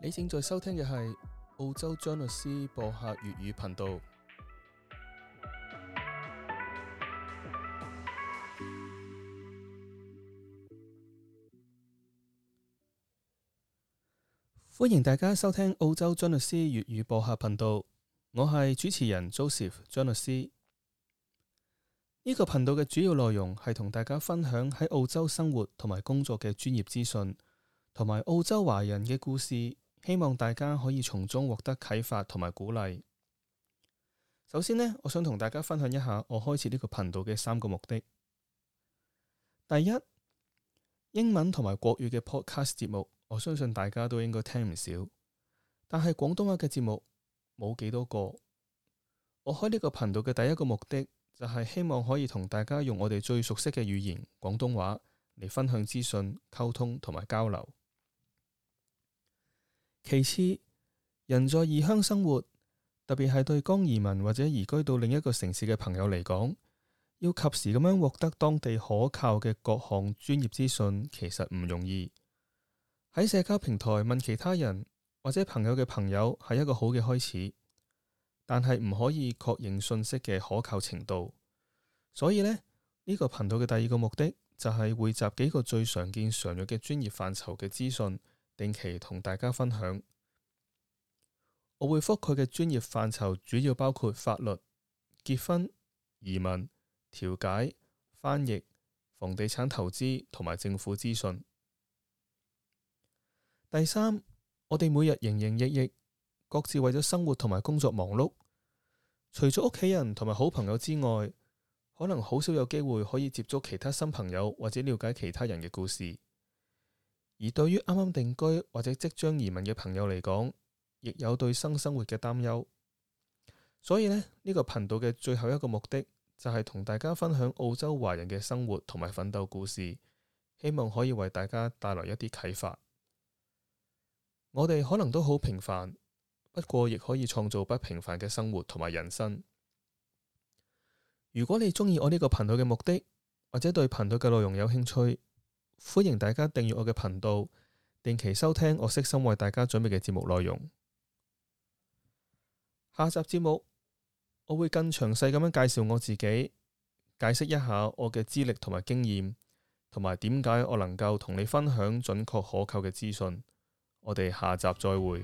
你正在收聽嘅係澳洲張律師播客粵語頻道，歡迎大家收聽澳洲張律師粵語播客頻道。我係主持人 Joseph 張律師。呢個頻道嘅主要內容係同大家分享喺澳洲生活同埋工作嘅專業資訊，同埋澳洲華人嘅故事。希望大家可以從中獲得啟發同埋鼓勵。首先呢，我想同大家分享一下我開設呢個頻道嘅三個目的。第一，英文同埋國語嘅 podcast 節目，我相信大家都應該聽唔少，但係廣東話嘅節目冇幾多個。我開呢個頻道嘅第一個目的，就係希望可以同大家用我哋最熟悉嘅語言廣東話嚟分享資訊、溝通同埋交流。其次，人在異鄉生活，特別係對剛移民或者移居到另一個城市嘅朋友嚟講，要及時咁樣獲得當地可靠嘅各項專業資訊，其實唔容易。喺社交平台問其他人或者朋友嘅朋友係一個好嘅開始，但係唔可以確認信息嘅可靠程度。所以咧，呢個頻道嘅第二個目的就係彙集幾個最常見常用嘅專業範疇嘅資訊。定期同大家分享，我會覆蓋嘅專業範疇主要包括法律、結婚、移民、調解、翻譯、房地產投資同埋政府資訊。第三，我哋每日營營役役，各自為咗生活同埋工作忙碌，除咗屋企人同埋好朋友之外，可能好少有機會可以接觸其他新朋友或者了解其他人嘅故事。而對於啱啱定居或者即將移民嘅朋友嚟講，亦有對新生，生活嘅擔憂。所以呢，呢個頻道嘅最後一個目的就係同大家分享澳洲華人嘅生活同埋奮鬥故事，希望可以為大家帶來一啲啟發。我哋可能都好平凡，不過亦可以創造不平凡嘅生活同埋人生。如果你中意我呢個頻道嘅目的，或者對頻道嘅內容有興趣。歡迎大家訂閱我嘅頻道，定期收聽我悉心為大家準備嘅節目內容。下集節目我會更詳細咁樣介紹我自己，解釋一下我嘅資歷同埋經驗，同埋點解我能夠同你分享準確可靠嘅資訊。我哋下集再會。